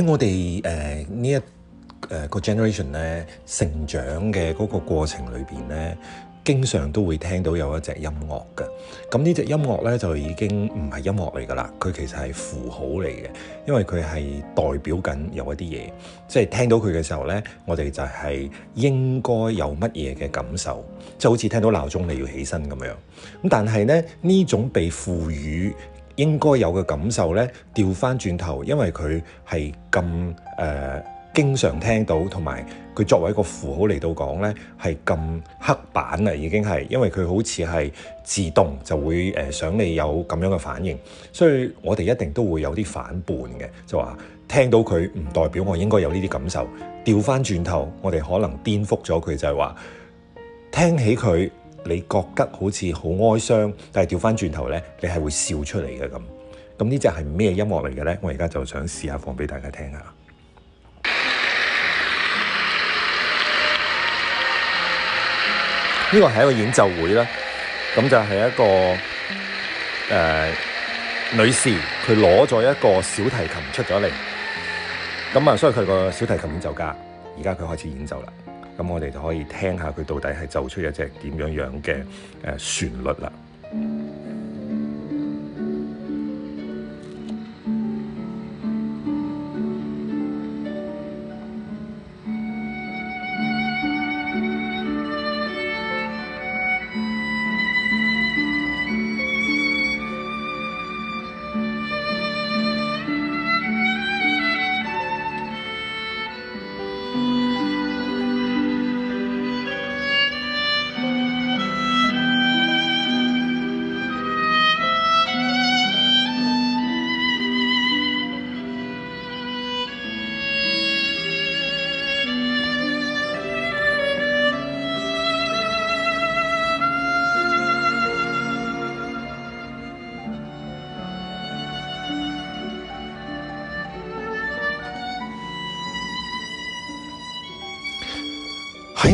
喺我哋誒、呃呃、呢一誒個 generation 咧成長嘅嗰個過程裏邊咧，經常都會聽到有一隻音樂嘅。咁呢隻音樂咧就已經唔係音樂嚟㗎喇，佢其實係符號嚟嘅，因為佢係代表緊有一啲嘢。即、就、係、是、聽到佢嘅時候咧，我哋就係應該有乜嘢嘅感受，就好似聽到鬧鐘你要起身咁樣。咁但係咧呢呢種被賦予應該有嘅感受呢，調翻轉頭，因為佢係咁誒經常聽到，同埋佢作為一個符號嚟到講呢，係咁刻板啦，已經係，因為佢好似係自動就會誒、呃、想你有咁樣嘅反應，所以我哋一定都會有啲反叛嘅，就話聽到佢唔代表我應該有呢啲感受，調翻轉頭，我哋可能顛覆咗佢，就係、是、話聽起佢。你覺得好似好哀傷，但係調翻轉頭呢，你係會笑出嚟嘅咁。咁呢隻係咩音樂嚟嘅呢？我而家就想試下放俾大家聽下。呢個係一個演奏會啦，咁就係一個誒、呃、女士，佢攞咗一個小提琴出咗嚟，咁啊，所以佢個小提琴演奏家，而家佢開始演奏啦。咁我哋就可以聽下佢到底係奏出一隻點樣樣嘅誒旋律啦。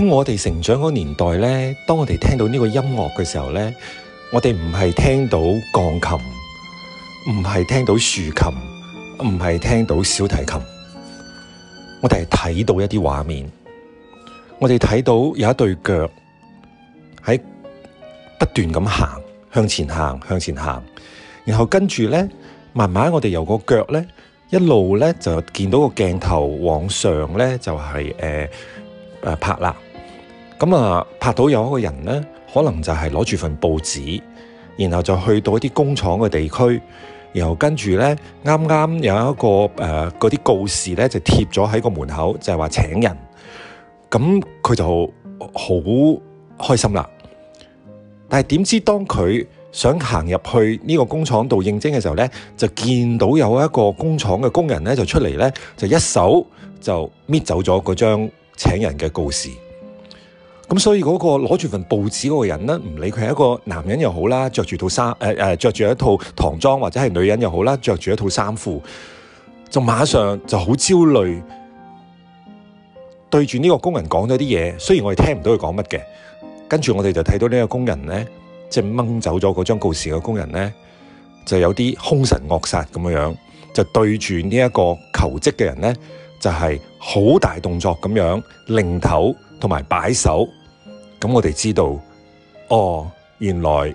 我哋成長嗰年代咧，當我哋聽到呢個音樂嘅時候咧，我哋唔係聽到鋼琴，唔係聽到豎琴，唔係聽到小提琴，我哋係睇到一啲畫面。我哋睇到有一對腳喺不斷咁行，向前行，向前行，然後跟住咧，慢慢我哋由個腳咧一路咧就見到個鏡頭往上咧，就係誒誒拍啦。咁啊，拍到有一個人咧，可能就係攞住份報紙，然後就去到一啲工廠嘅地區，然後跟住咧，啱啱有一個誒嗰啲告示咧，就貼咗喺個門口，就係話請人。咁佢就好開心啦。但係點知當佢想行入去呢個工廠度應徵嘅時候咧，就見到有一個工廠嘅工人咧就出嚟咧，就一手就搣走咗嗰張請人嘅告示。咁所以嗰個攞住份報紙嗰個人咧，唔理佢係一個男人又好啦，着住套衫，誒誒，着住一套唐裝或者係女人又好啦，着住一套衫褲，就馬上就好焦慮，對住呢個工人講咗啲嘢。雖然我哋聽唔到佢講乜嘅，跟住我哋就睇到呢個工人咧，即係掹走咗嗰張告示嘅工人咧，就有啲兇神惡煞咁樣，就對住呢一個求職嘅人咧，就係好大動作咁樣擰頭。同埋擺手，咁我哋知道，哦，原來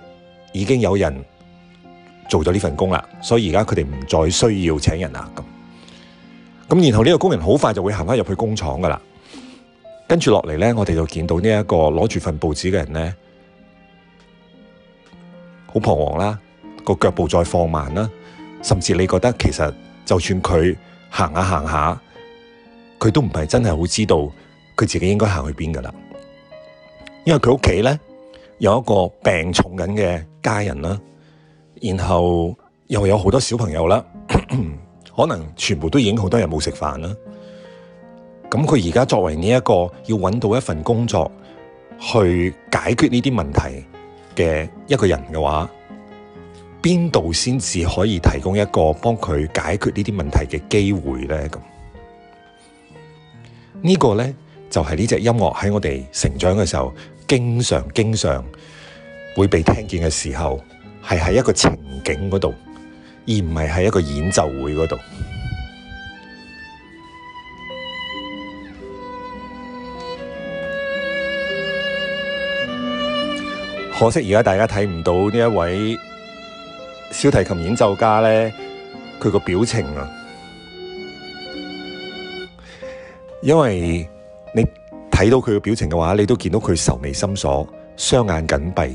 已經有人做咗呢份工啦，所以而家佢哋唔再需要請人啦。咁，咁然後呢個工人好快就會行翻入去工廠噶啦，跟住落嚟咧，我哋就見到呢一個攞住份報紙嘅人咧，好彷徨啦，個腳步再放慢啦，甚至你覺得其實就算佢行下行下，佢都唔係真係好知道。佢自己應該行去邊噶啦？因為佢屋企咧，有一個病重緊嘅家人啦，然後又有好多小朋友啦，可能全部都已經好多人冇食飯啦。咁佢而家作為呢、呢個、一個要揾到一份工作去解決呢啲問題嘅一個人嘅話，邊度先至可以提供一個幫佢解決呢啲問題嘅機會咧？咁、呢個、呢個咧？就係呢隻音樂喺我哋成長嘅時候，經常經常會被聽見嘅時候，係喺一個情景嗰度，而唔係喺一個演奏會嗰度。可惜而家大家睇唔到呢一位小提琴演奏家咧，佢個表情啊，因為。睇到佢嘅表情嘅話，你都見到佢愁眉深鎖，雙眼緊閉，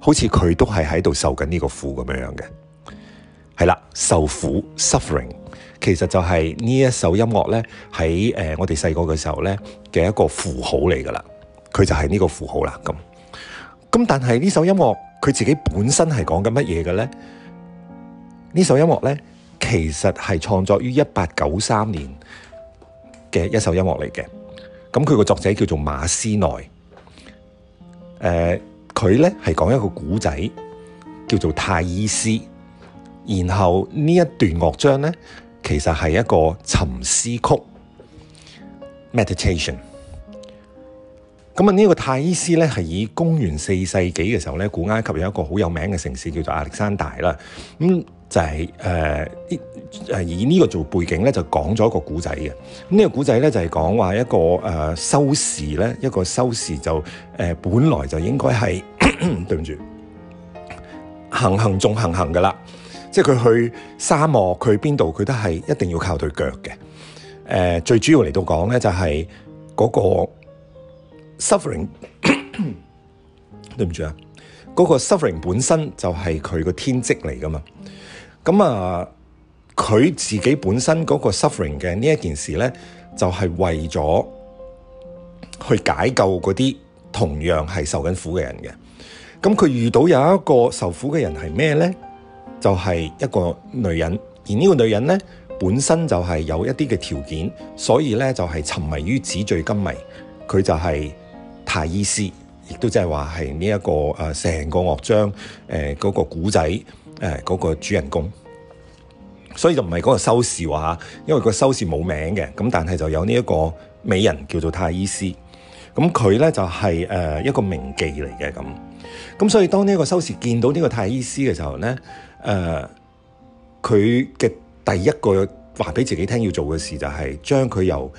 好似佢都係喺度受緊呢個苦咁樣樣嘅。係啦，受苦 suffering，其實就係呢一首音樂呢喺誒、呃、我哋細個嘅時候呢嘅一個符號嚟噶啦，佢就係呢個符號啦。咁咁但係呢首音樂佢自己本身係講緊乜嘢嘅呢？呢首音樂呢，其實係創作於一八九三年嘅一首音樂嚟嘅。咁佢個作者叫做馬斯內，誒、呃，佢咧係講一個古仔叫做泰依斯，然後呢一段樂章咧，其實係一個沉思曲 （meditation）。咁啊，呢個泰依斯咧係以公元四世紀嘅時候咧，古埃及有一個好有名嘅城市叫做亞歷山大啦，咁、嗯。就係誒啲以呢個做背景咧，就講咗一個古仔嘅。咁呢個古仔咧，就係講話一個誒修士咧，一個修士就誒、呃、本來就應該係對唔住行行仲行行嘅啦。即係佢去沙漠，佢邊度佢都係一定要靠對腳嘅。誒、呃、最主要嚟到講咧，就係、是、嗰個 suffering 咳咳。對唔住啊，嗰、那個 suffering 本身就係佢個天職嚟噶嘛。咁啊，佢自己本身嗰個 suffering 嘅呢一件事咧，就係、是、為咗去解救嗰啲同樣係受緊苦嘅人嘅。咁佢遇到有一個受苦嘅人係咩咧？就係、是、一個女人，而呢個女人咧，本身就係有一啲嘅條件，所以咧就係、是、沉迷於紙醉金迷。佢就係泰伊斯，亦都即係話係呢一個成、呃、個樂章嗰、呃那個古仔。誒，嗰個主人公，所以就唔係嗰個修士話，因為嗰個修士冇名嘅，咁但係就有呢一個美人叫做泰伊斯，咁佢咧就係、是、誒一個名妓嚟嘅。咁，咁所以當呢個修士見到呢個泰伊斯嘅時候咧，誒、呃，佢嘅第一個話俾自己聽要做嘅事就係將佢由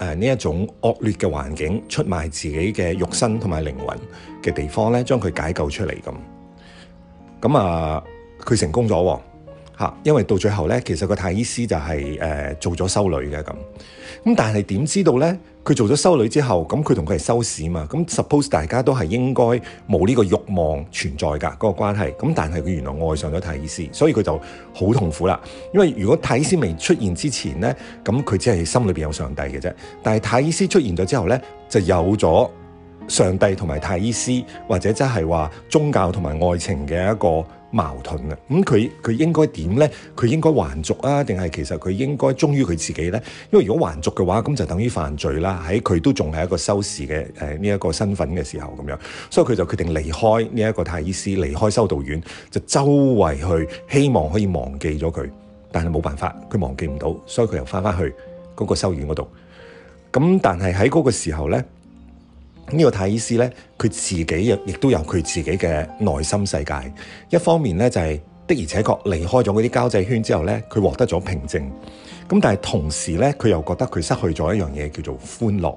誒呢一種惡劣嘅環境，出賣自己嘅肉身同埋靈魂嘅地方咧，將佢解救出嚟。咁。咁啊，佢成功咗，吓，因為到最後咧，其實個泰伊斯就係、是呃、做咗修女嘅咁。咁但係點知道咧？佢做咗修女之後，咁佢同佢係修士嘛？咁 suppose 大家都係應該冇呢個欲望存在噶、那個關係。咁但係佢原來愛上咗泰伊斯，所以佢就好痛苦啦。因為如果泰伊斯未出現之前咧，咁佢只係心裏面有上帝嘅啫。但係泰伊斯出現咗之後咧，就有咗。上帝同埋泰伊斯，或者即係話宗教同埋愛情嘅一個矛盾啊！咁佢佢應該點呢？佢應該還俗啊？定係其實佢應該忠於佢自己呢？因為如果還俗嘅話，咁就等於犯罪啦！喺佢都仲係一個修士嘅、誒呢一個身份嘅時候咁樣，所以佢就決定離開呢一個泰伊斯，離開修道院，就周圍去希望可以忘記咗佢，但係冇辦法，佢忘記唔到，所以佢又翻翻去嗰個修院嗰度。咁但係喺嗰個時候呢。呢、這個太醫師咧，佢自己亦都有佢自己嘅內心世界。一方面咧，就係、是、的而且確離開咗嗰啲交際圈之後咧，佢獲得咗平靜。咁但係同時咧，佢又覺得佢失去咗一樣嘢叫做歡樂。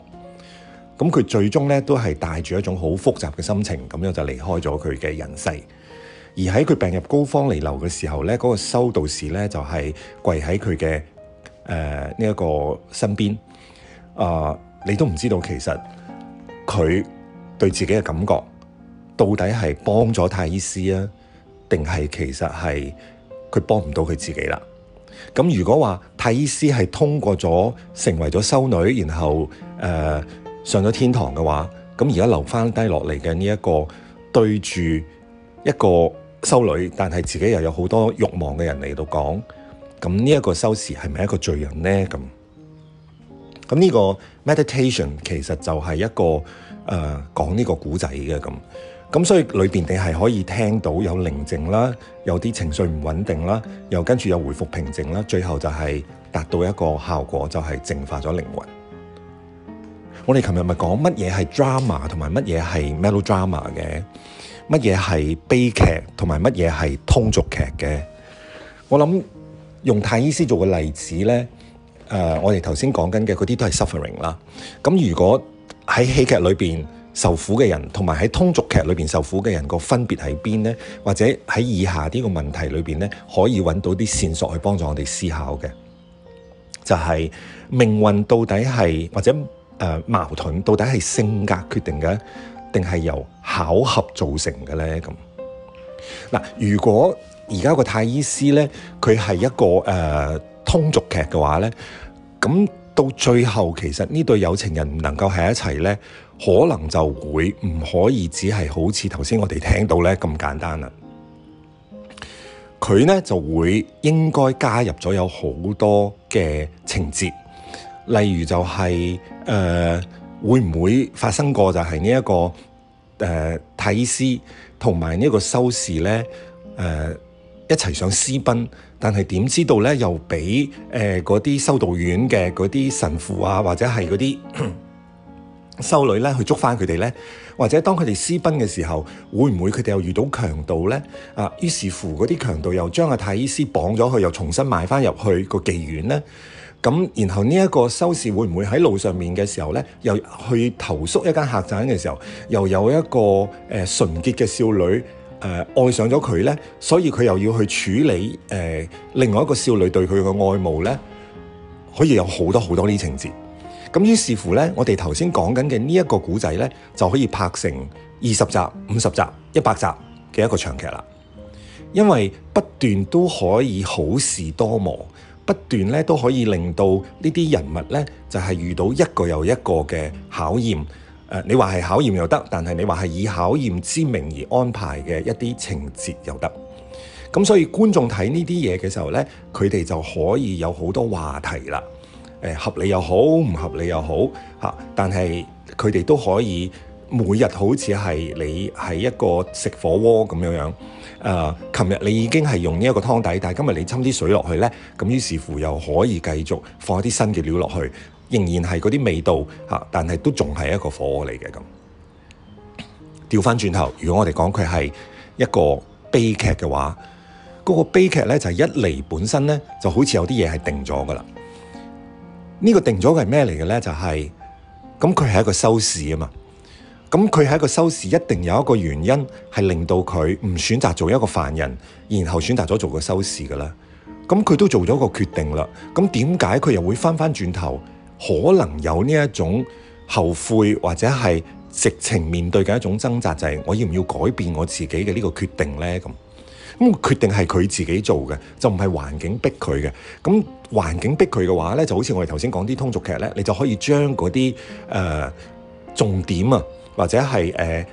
咁佢最終咧都係帶住一種好複雜嘅心情，咁樣就離開咗佢嘅人世。而喺佢病入膏肓彌留嘅時候咧，嗰、那個修道士咧就係、是、跪喺佢嘅誒呢一個身邊。啊、呃，你都唔知道其實。佢對自己嘅感覺，到底係幫咗泰伊斯啊，定係其實係佢幫唔到佢自己啦？咁如果話泰伊斯係通過咗成為咗修女，然後誒、呃、上咗天堂嘅話，咁而家留翻低落嚟嘅呢一個對住一個修女，但係自己又有好多慾望嘅人嚟到講，咁呢一個修士係咪一個罪人呢？咁？咁呢個 meditation 其實就係一個誒、呃、講呢個古仔嘅咁，咁所以裏面你係可以聽到有寧靜啦，有啲情緒唔穩定啦，又跟住又回復平靜啦，最後就係達到一個效果，就係、是、淨化咗靈魂。我哋琴日咪講乜嘢係 drama 同埋乜嘢係 melodrama 嘅，乜嘢係悲劇同埋乜嘢係通俗劇嘅。我諗用太醫師做個例子咧。誒、呃，我哋頭先講緊嘅嗰啲都係 suffering 啦。咁如果喺戲劇裏邊受苦嘅人，同埋喺通俗劇裏邊受苦嘅人個分別喺邊呢？或者喺以下呢個問題裏邊呢，可以揾到啲線索去幫助我哋思考嘅，就係、是、命運到底係或者誒、呃、矛盾到底係性格決定嘅，定係由巧合造成嘅呢？咁嗱、呃，如果而家個太醫師呢，佢係一個誒、呃、通俗劇嘅話咧，咁到最後其實呢對有情人唔能夠喺一齊咧，可能就會唔可以只係好似頭先我哋聽到咧咁簡單啦。佢咧就會應該加入咗有好多嘅情節，例如就係、是、誒、呃、會唔會發生過就係呢一個誒睇詩同埋呢個收視咧誒、呃、一齊想私奔。但係點知道咧？又俾誒嗰啲修道院嘅嗰啲神父啊，或者係嗰啲修女咧，去捉翻佢哋咧？或者當佢哋私奔嘅時候，會唔會佢哋又遇到強盜咧？啊，於是乎嗰啲強盜又將阿太伊斯綁咗去，又重新賣翻入去個妓院咧。咁然後呢一個修士會唔會喺路上面嘅時候咧，又去投宿一間客棧嘅時候，又有一個誒、呃、純潔嘅少女。誒、呃、愛上咗佢呢，所以佢又要去處理、呃、另外一個少女對佢嘅愛慕呢，可以有好多好多呢情節。咁於是乎呢，我哋頭先講緊嘅呢一個古仔呢，就可以拍成二十集、五十集、一百集嘅一個長劇啦。因為不斷都可以好事多磨，不斷呢都可以令到呢啲人物呢，就係、是、遇到一個又一個嘅考驗。誒，你話係考驗又得，但係你話係以考驗之名而安排嘅一啲情節又得。咁所以觀眾睇呢啲嘢嘅時候呢，佢哋就可以有好多話題啦。合理又好，唔合理又好嚇，但係佢哋都可以每日好似係你係一個食火鍋咁樣樣。誒、呃，琴日你已經係用呢一個湯底，但係今日你斟啲水落去呢，咁於是乎又可以繼續放一啲新嘅料落去。仍然係嗰啲味道嚇，但係都仲係一個火嚟嘅咁。調翻轉頭，如果我哋講佢係一個悲劇嘅話，嗰、那個悲劇咧就係、是、一嚟本身咧就好似有啲嘢係定咗噶啦。呢、這個定咗嘅係咩嚟嘅咧？就係、是、咁，佢係一個收視啊嘛。咁佢係一個收視，一定有一個原因係令到佢唔選擇做一個犯人，然後選擇咗做一個收視噶啦。咁佢都做咗個決定啦。咁點解佢又會翻翻轉頭？可能有呢一種後悔，或者係直情面對嘅一種掙扎，就係、係、我要唔要改變我自己嘅呢個決定呢？咁、嗰、咁、個、決定係佢自己做嘅，就唔係環境逼佢嘅。咁、嗰個、環境逼佢嘅話呢，就好似我哋頭先講啲通俗劇呢，你就可以將嗰啲重點啊，或者係、呃、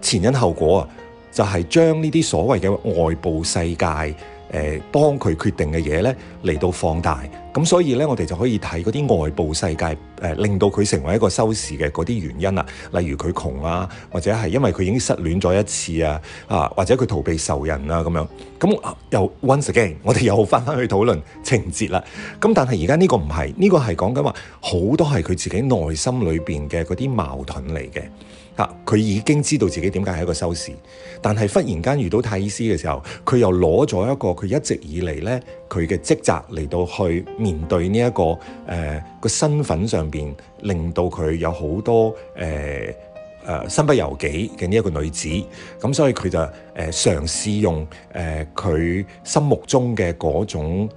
前因後果啊，就係將呢啲所謂嘅外部世界。誒幫佢決定嘅嘢咧嚟到放大咁，所以咧我哋就可以睇嗰啲外部世界誒，令到佢成為一個收視嘅嗰啲原因啦。例如佢窮啊，或者係因為佢已經失戀咗一次啊啊，或者佢逃避仇人啊咁樣。咁又 Once Again，我哋又翻翻去討論情節啦。咁但係而家呢個唔係，呢個係講緊話好多係佢自己內心裏面嘅嗰啲矛盾嚟嘅。佢、啊、已經知道自己點解係一個修士，但係忽然間遇到泰斯嘅時候，佢又攞咗一個佢一直以嚟呢佢嘅職責嚟到去面對呢、這、一個誒、呃、個身份上邊，令到佢有好多誒誒、呃呃、身不由己嘅呢一個女子，咁所以佢就誒、呃、嘗試用誒佢、呃、心目中嘅嗰種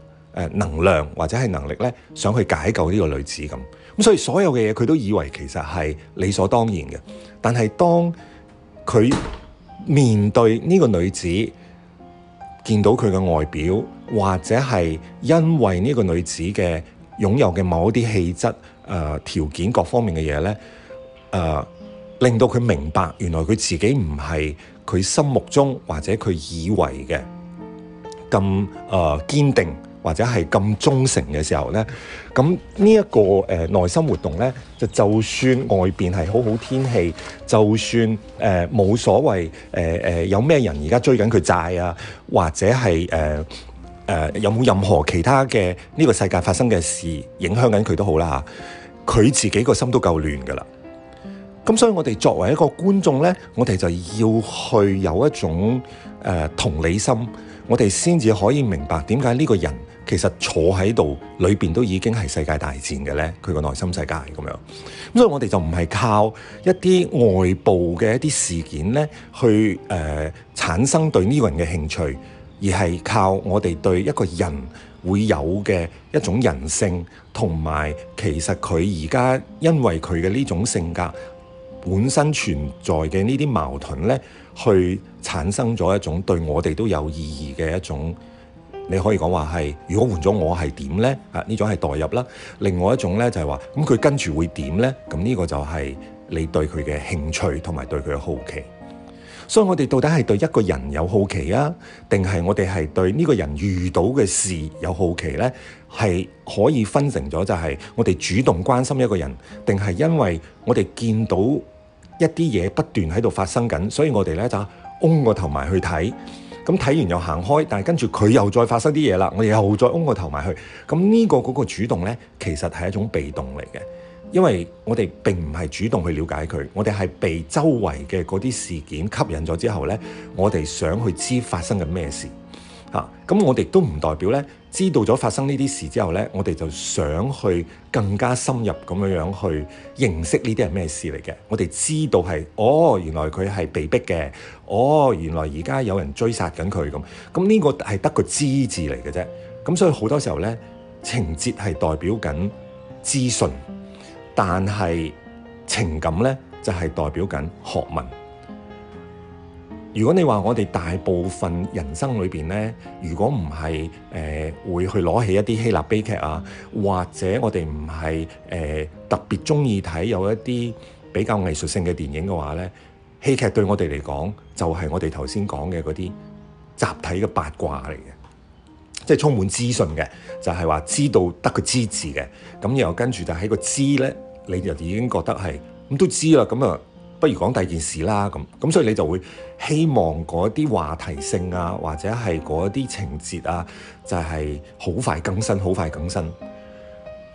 能量或者係能力呢，想去解救呢個女子咁。咁所以所有嘅嘢佢都以為其實係理所當然嘅，但係當佢面對呢個女子，見到佢嘅外表，或者係因為呢個女子嘅擁有嘅某一啲氣質、誒、呃、條件各方面嘅嘢咧，誒、呃、令到佢明白，原來佢自己唔係佢心目中或者佢以為嘅咁誒堅定。或者係咁忠誠嘅時候咧，咁呢一個誒、呃、內心活動咧，就就算外邊係好好天氣，就算誒冇、呃、所謂誒誒、呃呃、有咩人而家追緊佢債啊，或者係誒誒有冇任何其他嘅呢個世界發生嘅事影響緊佢都好啦嚇，佢自己個心都夠亂噶啦。咁所以我哋作為一個觀眾咧，我哋就要去有一種誒、呃、同理心，我哋先至可以明白點解呢個人。其實坐喺度裏邊都已經係世界大戰嘅咧，佢個內心世界咁樣。所以我哋就唔係靠一啲外部嘅一啲事件咧，去誒、呃、產生對呢個人嘅興趣，而係靠我哋對一個人會有嘅一種人性，同埋其實佢而家因為佢嘅呢種性格本身存在嘅呢啲矛盾咧，去產生咗一種對我哋都有意義嘅一種。你可以講話係，如果換咗我係點呢？啊，呢種係代入啦。另外一種呢，就係話，咁，嗯，佢跟住會點呢？咁，嗯，呢個就係你對佢嘅興趣同埋對佢嘅好奇。所以我哋到底係對一個人有好奇啊，定係我哋係對呢個人遇到嘅事有好奇呢？係可以分成咗就係我哋主動關心一個人，定係因為我哋見到一啲嘢不斷喺度發生緊，所以我哋呢，就嗡個頭埋去睇。咁睇完又行開，但係跟住佢又再發生啲嘢啦，我哋又再嗡個頭埋去。咁呢個嗰個主動呢，其實係一種被動嚟嘅，因為我哋並唔係主動去了解佢，我哋係被周圍嘅嗰啲事件吸引咗之後呢，我哋想去知發生緊咩事。嚇、啊！咁我哋都唔代表咧，知道咗發生呢啲事之後咧，我哋就想去更加深入咁樣樣去認識呢啲係咩事嚟嘅。我哋知道係，哦，原來佢係被逼嘅，哦，原來而家有人追殺緊佢咁。咁呢個係得個知字嚟嘅啫。咁所以好多時候咧，情節係代表緊資訊，但係情感咧就係、是、代表緊學問。如果你話我哋大部分人生裏面呢，如果唔係、呃、會去攞起一啲希臘悲劇啊，或者我哋唔係特別中意睇有一啲比較藝術性嘅電影嘅話呢，戲劇對我哋嚟講就係、是、我哋頭先講嘅嗰啲集體嘅八卦嚟嘅，即係充滿資訊嘅，就係、是、話知道得個知字嘅，咁又跟住就喺個知呢，你就已經覺得係咁都知啦，咁啊～不如講第二件事啦，咁咁所以你就會希望嗰啲話題性啊，或者係嗰啲情節啊，就係、是、好快更新，好快更新。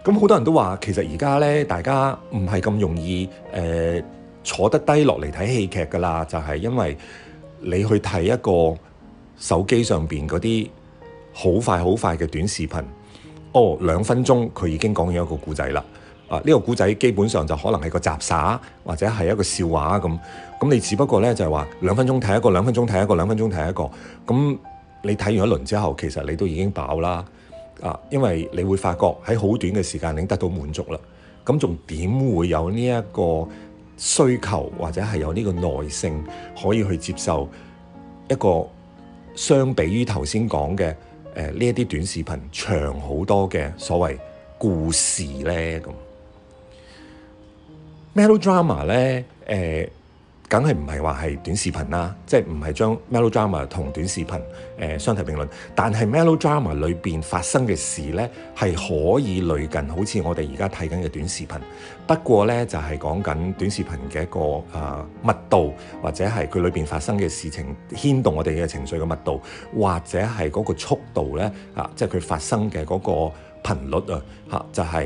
咁好多人都話，其實而家咧，大家唔係咁容易誒、呃、坐得低落嚟睇戲劇㗎啦，就係、是、因為你去睇一個手機上邊嗰啲好快好快嘅短視頻，哦，兩分鐘佢已經講咗一個故仔啦。啊！呢個古仔基本上就可能係個雜耍，或者係一個笑話咁。咁你只不過呢，就係話兩分鐘睇一個，兩分鐘睇一個，兩分鐘睇一個。咁你睇完一輪之後，其實你都已經飽啦。啊，因為你會發覺喺好短嘅時間你已經得到滿足啦。咁仲點會有呢一個需求，或者係有呢個耐性可以去接受一個相比於頭先講嘅誒呢一啲短視頻長好多嘅所謂故事呢？Melodrama 咧，誒，梗係唔係話係短視頻啦，即係唔係將 Melodrama 同短視頻誒相提並論？但係 Melodrama 裏邊發生嘅事咧，係可以類近好似我哋而家睇緊嘅短視頻。不過咧，就係講緊短視頻嘅一個誒、啊、密度，或者係佢裏邊發生嘅事情牽動我哋嘅情緒嘅密度，或者係嗰個速度咧，啊，即係佢發生嘅嗰個頻率啊，嚇就係、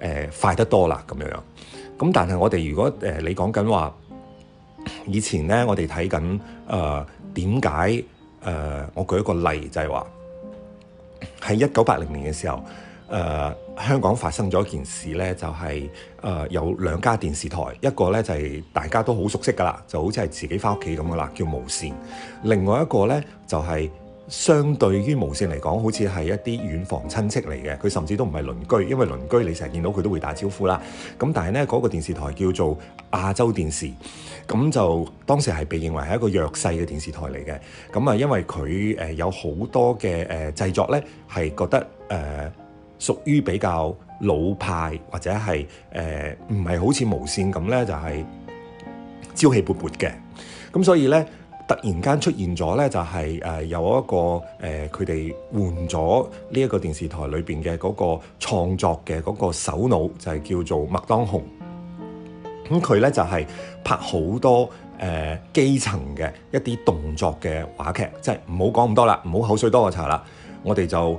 是、誒、啊、快得多啦咁樣樣。咁、嗯、但係我哋如果誒、呃、你講緊話，以前咧我哋睇緊誒點解誒？我舉一個例就係、是、話，喺一九八零年嘅時候，誒、呃、香港發生咗一件事咧，就係、是、誒、呃、有兩家電視台，一個咧就係、是、大家都好熟悉㗎喇，就好似係自己返屋企咁㗎喇，叫無線；另外一個咧就係、是。相對於無線嚟講，好似係一啲遠房親戚嚟嘅，佢甚至都唔係鄰居，因為鄰居你成日見到佢都會打招呼啦。咁但係呢，嗰個電視台叫做亞洲電視，咁就當時係被認為係一個弱勢嘅電視台嚟嘅。咁啊，因為佢誒有好多嘅誒製作呢，係覺得誒屬於比較老派，或者係誒唔係好似無線咁呢，就係朝氣勃勃嘅。咁所以呢。突然間出現咗咧、就是，就係誒有一個誒佢哋換咗呢一個電視台裏邊嘅嗰個創作嘅嗰個首腦，就係、是、叫做麥當雄。咁佢咧就係、是、拍好多誒、呃、基層嘅一啲動作嘅話劇，即係唔好講咁多啦，唔好口水多過茶啦，我哋就。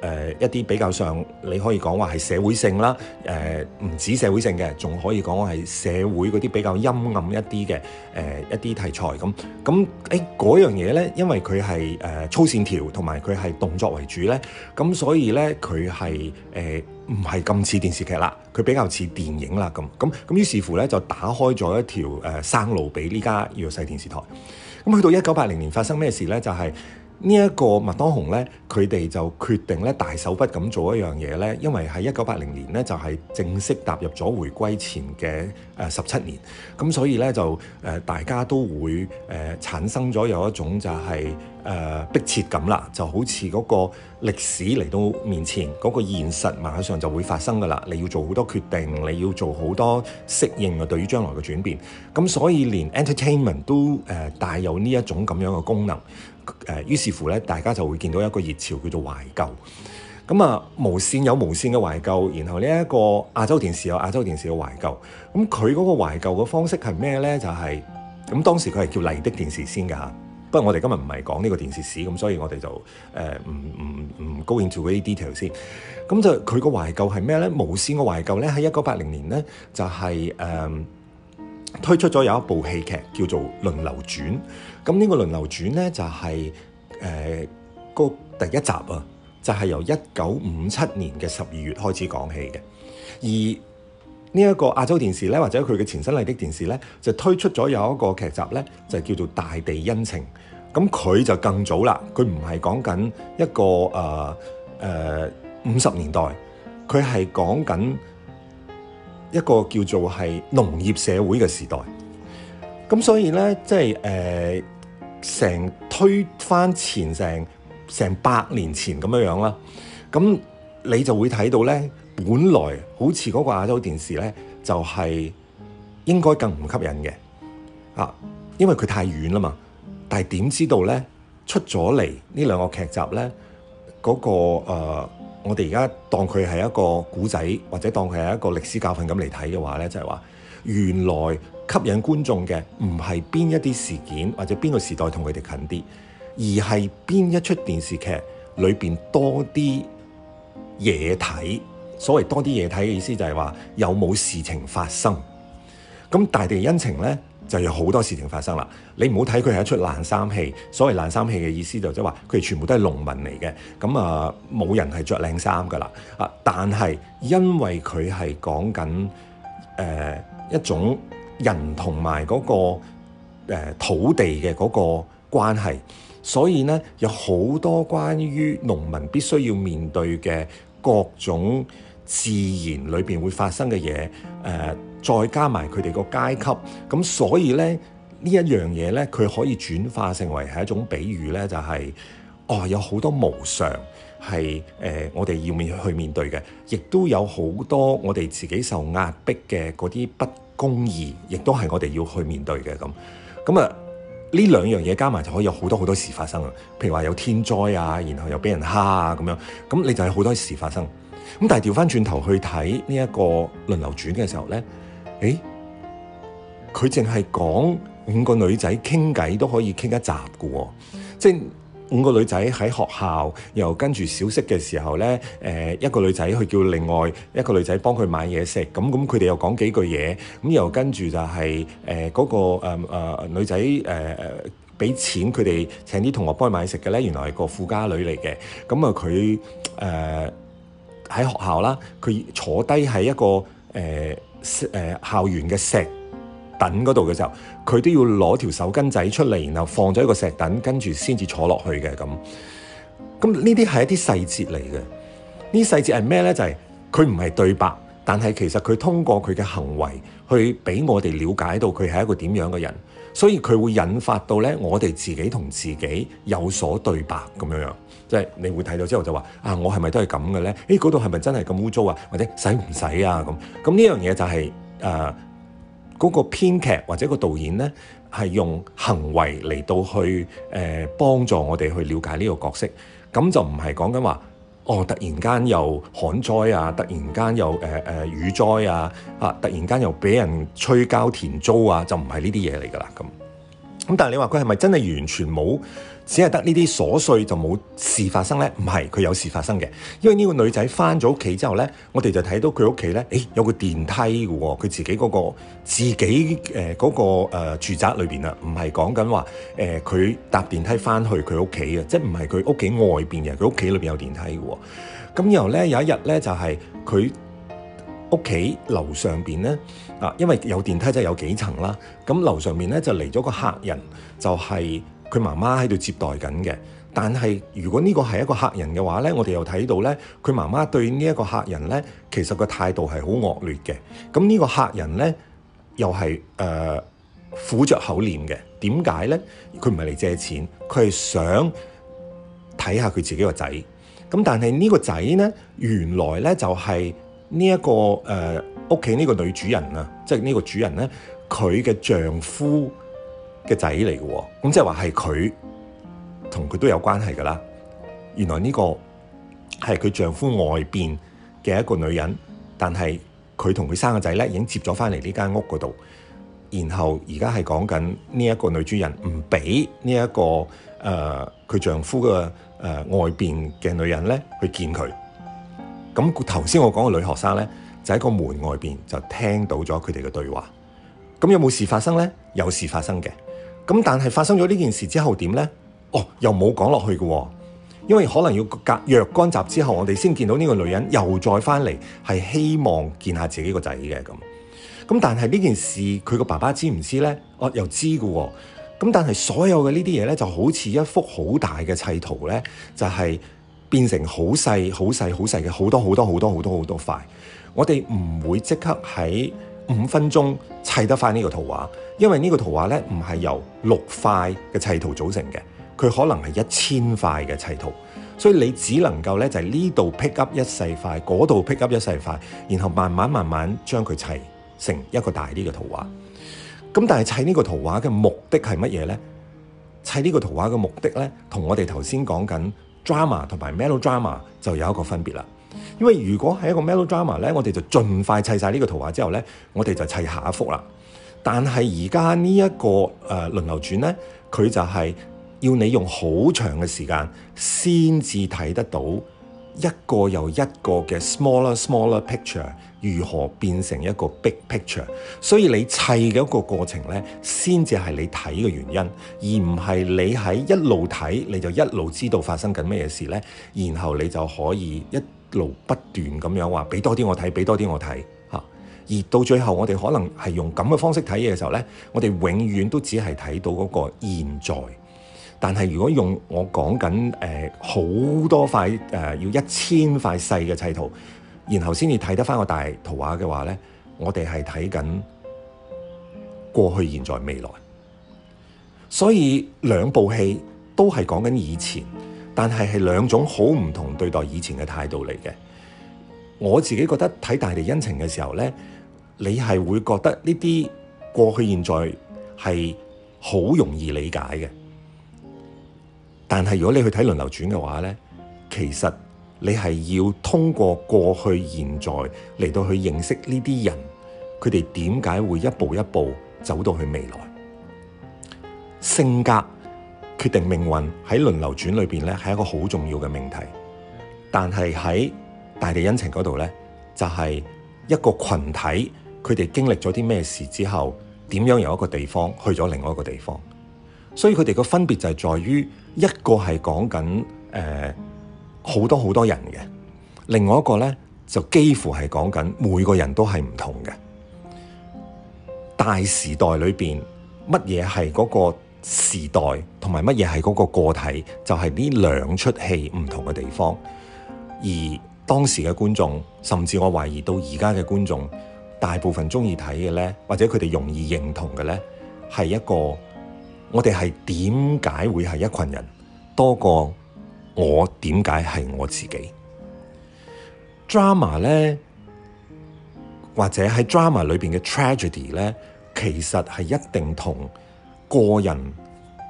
呃、一啲比較上你可以講話係社會性啦，呃、唔止社會性嘅，仲可以講話係社會嗰啲比較陰暗一啲嘅、呃、一啲題材咁。咁誒嗰樣嘢咧，因為佢係、呃、粗線條同埋佢係動作為主咧，咁所以咧佢係唔係咁似電視劇啦，佢比較似電影啦咁。咁咁於是乎咧就打開咗一條、呃、生路俾呢家越秀電視台。咁去到一九八零年發生咩事咧？就係、是。呢、這、一個麥當雄呢，佢哋就決定咧大手筆咁做一樣嘢呢，因為喺一九八零年呢，就係、是、正式踏入咗回歸前嘅誒十七年，咁所以呢，就誒、呃、大家都會誒、呃、產生咗有一種就係、是、誒、呃、迫切感啦，就好似嗰個歷史嚟到面前，嗰、那個現實馬上就會發生㗎啦，你要做好多決定，你要做好多適應啊，對於將來嘅轉變，咁所以連 entertainment 都誒帶、呃、有呢一種咁樣嘅功能。誒，於是乎咧，大家就會見到一個熱潮叫做懷舊。咁啊，無線有無線嘅懷舊，然後呢一個亞洲電視有亞洲電視嘅懷舊。咁佢嗰個懷舊嘅方式係咩咧？就係、是、咁當時佢係叫麗的電視先㗎吓。不過我哋今日唔係講呢個電視史，咁所以我哋就誒唔唔唔 go into 呢啲 detail 先。咁就佢個懷舊係咩咧？無線嘅懷舊咧喺一九八零年咧就係、是、誒、嗯、推出咗有一部戲劇叫做《輪流轉》。咁呢個輪流傳呢，就係誒個第一集啊，就係由一九五七年嘅十二月開始講起嘅。而呢一個亞洲電視呢，或者佢嘅前身麗的電視呢，就推出咗有一個劇集呢，就叫做《大地恩情》。咁佢就更早啦，佢唔係講緊一個誒誒五十年代，佢係講緊一個叫做係農業社會嘅時代。咁所以呢，即係誒。呃成推翻前成成百年前咁樣樣啦，咁你就會睇到咧，本來好似嗰個亞洲電視咧，就係、是、應該更唔吸引嘅啊，因為佢太遠啦嘛。但係點知道咧，出咗嚟呢兩、那個劇集咧，嗰、呃、個我哋而家當佢係一個古仔，或者當佢係一個歷史教訓咁嚟睇嘅話咧，就係、是、話原來。吸引觀眾嘅唔係邊一啲事件或者邊個時代同佢哋近啲，而係邊一出電視劇裏邊多啲嘢睇。所謂多啲嘢睇嘅意思就係話有冇事情發生。咁《大地恩情》呢，就有好多事情發生啦。你唔好睇佢係一出爛衫戲。所謂爛衫戲嘅意思就即係話佢哋全部都係農民嚟嘅，咁啊冇人係着靚衫㗎啦。但係因為佢係講緊誒一種人同埋嗰個誒、呃、土地嘅嗰個關係，所以咧有好多關於農民必須要面對嘅各種自然裏邊會發生嘅嘢誒，再加埋佢哋個階級，咁，所以咧呢一樣嘢咧，佢可以轉化成為係一種比喻咧、就是，就係哦有好多無常係誒、呃、我哋要面去面對嘅，亦都有好多我哋自己受壓迫嘅嗰啲不。公義亦都係我哋要去面對嘅。咁，咁啊呢兩樣嘢加埋就可以有好多好多事發生啊，譬如話有天災啊，然後又俾人蝦啊咁樣，咁你就係好多事發生。咁但係掉返轉頭去睇呢一個輪流轉嘅時候咧，誒佢淨係講五個女仔傾偈都可以傾一集嘅喎，即係。五個女仔喺學校，又跟住小息嘅時候呢誒一個女仔去叫另外一個女仔幫佢買嘢食，咁咁佢哋又講幾句嘢，咁又跟住就係誒嗰個誒、呃、女仔誒誒俾錢佢哋請啲同學幫佢買食嘅呢原來係個富家女嚟嘅，咁啊佢誒喺學校啦，佢坐低喺一個誒誒、呃、校園嘅石。等嗰度嘅時候，佢都要攞條手巾仔出嚟，然後放咗一個石凳，跟住先至坐落去嘅咁。咁呢啲係一啲細節嚟嘅。呢啲細節係咩咧？就係佢唔係對白，但係其實佢通過佢嘅行為去俾我哋了解到佢係一個點樣嘅人。所以佢會引發到咧，我哋自己同自己有所對白咁樣樣。即係你會睇到之後就話啊，我係咪都係咁嘅咧？誒，嗰度係咪真係咁污糟啊？或者使唔使啊？咁咁呢樣嘢就係誒。呃嗰、那個編劇或者個導演呢，係用行為嚟到去誒、呃、幫助我哋去了解呢個角色，咁就唔係講緊話，哦，突然間又旱災啊，突然間又、呃呃、雨災啊，啊，突然間又俾人催交田租啊，就唔係呢啲嘢嚟㗎啦咁。咁但係你話佢係咪真係完全冇，只係得呢啲瑣碎就冇事發生咧？唔係，佢有事發生嘅，因為呢個女仔翻咗屋企之後咧，我哋就睇到佢屋企咧，誒有個電梯嘅喎，佢自己嗰個自己誒嗰個誒住宅裏邊啦，唔係講緊話誒佢搭電梯翻去佢屋企嘅，即係唔係佢屋企外邊嘅，佢屋企裏邊有電梯嘅喎。咁然後咧有一日咧就係佢屋企樓上邊咧。啊，因為有電梯就有幾層啦。咁樓上面咧就嚟咗個客人，就係佢媽媽喺度接待緊嘅。但係如果呢個係一個客人嘅話咧，我哋又睇到咧，佢媽媽對呢一個客人咧，其實個態度係好惡劣嘅。咁呢個客人咧，又係誒、呃、苦着口臉嘅。點解咧？佢唔係嚟借錢，佢係想睇下佢自己個仔。咁但係呢個仔咧，原來咧就係呢一個誒。呃屋企呢個女主人啊，即係呢個主人咧，佢嘅丈夫嘅仔嚟嘅，咁即係話係佢同佢都有關係噶啦。原來呢個係佢丈夫外邊嘅一個女人，但係佢同佢生個仔咧已經接咗返嚟呢間屋嗰度。然後而家係講緊呢一個女主人唔俾呢一個誒佢、呃、丈夫嘅誒、呃、外邊嘅女人咧去見佢。咁頭先我講個女學生咧。就喺個門外邊就聽到咗佢哋嘅對話。咁有冇事發生呢？有事發生嘅。咁但係發生咗呢件事之後點呢？哦，又冇講落去嘅、哦，因為可能要隔若干集之後，我哋先見到呢個女人又再翻嚟，係希望見下自己個仔嘅咁。咁但係呢件事佢個爸爸知唔知呢？哦，又知嘅喎、哦。咁但係所有嘅呢啲嘢呢，就好似一幅好大嘅砌圖呢，就係、是、變成好細、好細、好細嘅好多好多好多好多好多塊。我哋唔會即刻喺五分鐘砌得返呢個圖畫，因為呢個圖畫咧，唔係由六塊嘅砌圖組成嘅，佢可能係一千塊嘅砌圖，所以你只能夠咧，就係呢度 pick up 一細塊，嗰度 pick up 一細塊，然後慢慢慢慢將佢砌成一個大啲嘅圖畫。咁但係砌呢個圖畫嘅目的係乜嘢咧？砌呢個圖畫嘅目的咧，同我哋頭先講緊 drama 同埋 melodrama 就有一個分別啦。因為如果係一個 melodrama 咧，我哋就盡快砌晒呢個圖畫之後咧，我哋就砌下一幅啦。但係而家呢一個誒輪流轉咧，佢就係要你用好長嘅時間先至睇得到一個又一個嘅 smaller smaller picture 如何變成一個 big picture。所以你砌嘅一個過程咧，先至係你睇嘅原因，而唔係你喺一路睇你就一路知道發生緊咩事咧，然後你就可以一路不斷咁樣話，俾多啲我睇，俾多啲我睇、啊、而到最後，我哋可能係用咁嘅方式睇嘢嘅時候呢，我哋永遠都只係睇到嗰個現在。但係如果用我講緊、呃、好多塊、呃、要一千塊細嘅砌圖，然後先至睇得翻個大圖畫嘅話呢，我哋係睇緊過去、現在、未來。所以兩部戲都係講緊以前。但係係兩種好唔同對待以前嘅態度嚟嘅。我自己覺得睇大地恩情嘅時候呢，你係會覺得呢啲過去現在係好容易理解嘅。但係如果你去睇輪流轉嘅話呢，其實你係要通過過去現在嚟到去認識呢啲人，佢哋點解會一步一步走到去未來性格。決定命運喺輪流轉裏邊咧，係一個好重要嘅命題。但係喺大地恩情嗰度咧，就係、是、一個群體，佢哋經歷咗啲咩事之後，點樣由一個地方去咗另外一個地方？所以佢哋嘅分別就係在於一個係講緊誒好多好多人嘅，另外一個咧就幾乎係講緊每個人都係唔同嘅。大時代裏邊乜嘢係嗰個？時代同埋乜嘢係嗰個個體，就係呢兩出戲唔同嘅地方。而當時嘅觀眾，甚至我懷疑到而家嘅觀眾，大部分中意睇嘅呢，或者佢哋容易認同嘅呢，係一個我哋係點解會係一群人，多過我點解係我自己。drama 呢，或者喺 drama 裏邊嘅 tragedy 呢，其實係一定同。個人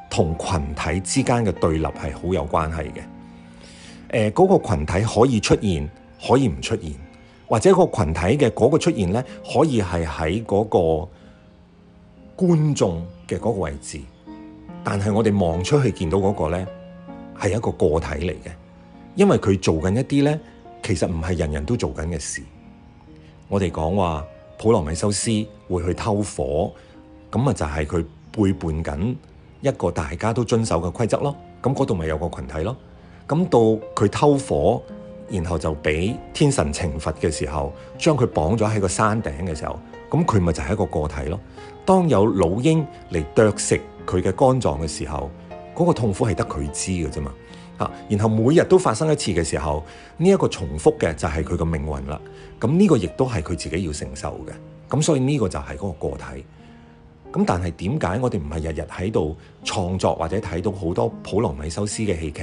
同群體之間嘅對立係好有關係嘅。誒、呃，嗰、嗰個羣體可以出現，可以唔出現，或者個群體嘅嗰個出現呢，可以係喺嗰個觀眾嘅嗰個位置。但係我哋望出去見到嗰個呢，係一個個體嚟嘅，因為佢做緊一啲呢，其實唔係人人都做緊嘅事。我哋講話普羅米修斯會去偷火，咁啊就係佢。背叛緊一個大家都遵守嘅規則咯，咁嗰度咪有個群體咯。咁到佢偷火，然後就俾天神懲罰嘅時候，將佢綁咗喺個山頂嘅時候，咁佢咪就係一個個體咯。當有老鷹嚟啄食佢嘅肝臟嘅時候，嗰個痛苦係得佢知嘅啫嘛。嚇，然後每日都發生一次嘅時候，呢一個重複嘅就係佢嘅命運啦。咁呢個亦都係佢自己要承受嘅。咁所以呢個就係嗰個個體。咁但係點解我哋唔係日日喺度創作或者睇到好多普羅米修斯嘅戲劇，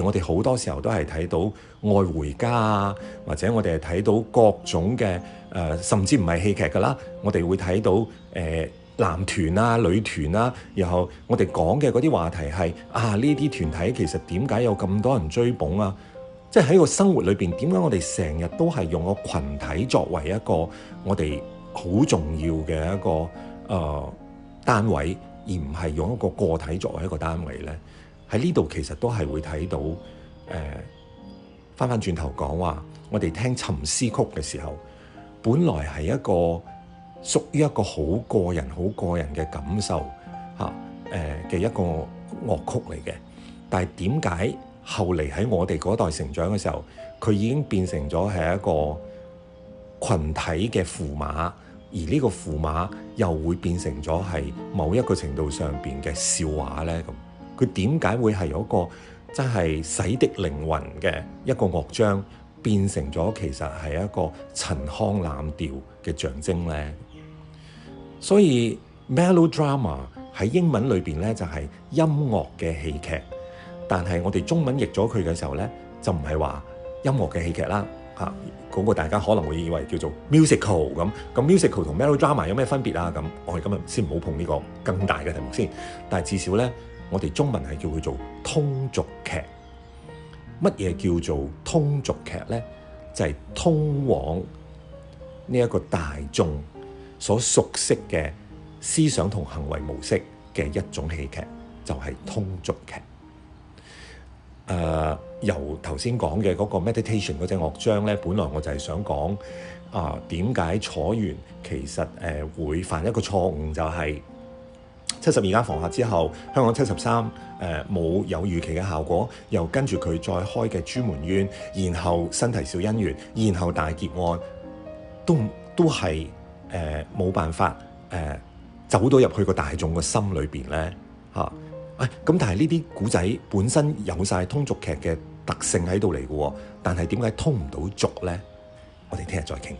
而我哋好多時候都係睇到愛回家啊，或者我哋係睇到各種嘅、呃、甚至唔係戲劇噶啦，我哋會睇到、呃、男團啊、女團呀、啊，然後我哋講嘅嗰啲話題係啊呢啲團體其實點解有咁多人追捧啊？即係喺個生活裏面，點解我哋成日都係用個群體作為一個我哋好重要嘅一個誒，呃單位，而唔係用一個個體作為一個單位咧，喺呢度其實都係會睇到，誒、呃，翻翻轉頭講話，我哋聽《沉思曲》嘅時候，本來係一個屬於一個好個人、好個人嘅感受嚇，誒、啊、嘅、呃、一個樂曲嚟嘅，但係點解後嚟喺我哋嗰代成長嘅時候，佢已經變成咗係一個群體嘅符碼？而呢個符碼又會變成咗係某一個程度上邊嘅笑話呢，咁，佢點解會係一個真係洗滌靈魂嘅一個樂章變成咗其實係一個陳腔濫調嘅象徵呢？所以 Melodrama 喺英文裏邊呢，就係音樂嘅戲劇，但係我哋中文譯咗佢嘅時候呢，就唔係話音樂嘅戲劇啦，嚇。嗰、那個、大家可能會以為叫做 musical 咁，咁 musical 同 melodrama 有咩分別啊？咁我哋今日先唔好碰呢個更大嘅題目先，但係至少咧，我哋中文係叫佢做通俗劇。乜嘢叫做通俗劇咧？就係、是、通往呢一個大眾所熟悉嘅思想同行為模式嘅一種戲劇，就係、是、通俗劇。誒、uh。由頭先講嘅嗰個 meditation 嗰隻樂章咧，本來我就係想講啊，點解楚原其實誒、呃、會犯一個錯誤，就係七十二家房客之後，香港七十三誒冇有預期嘅效果，又跟住佢再開嘅朱門怨，然後新啼笑因緣，然後大劫案，都都係誒冇辦法誒、呃、走到入去個大眾嘅心裏邊咧嚇。誒、啊、咁、哎，但係呢啲古仔本身有晒通俗劇嘅。特性喺度嚟嘅，但係點解通唔到俗咧？我哋聽日再傾。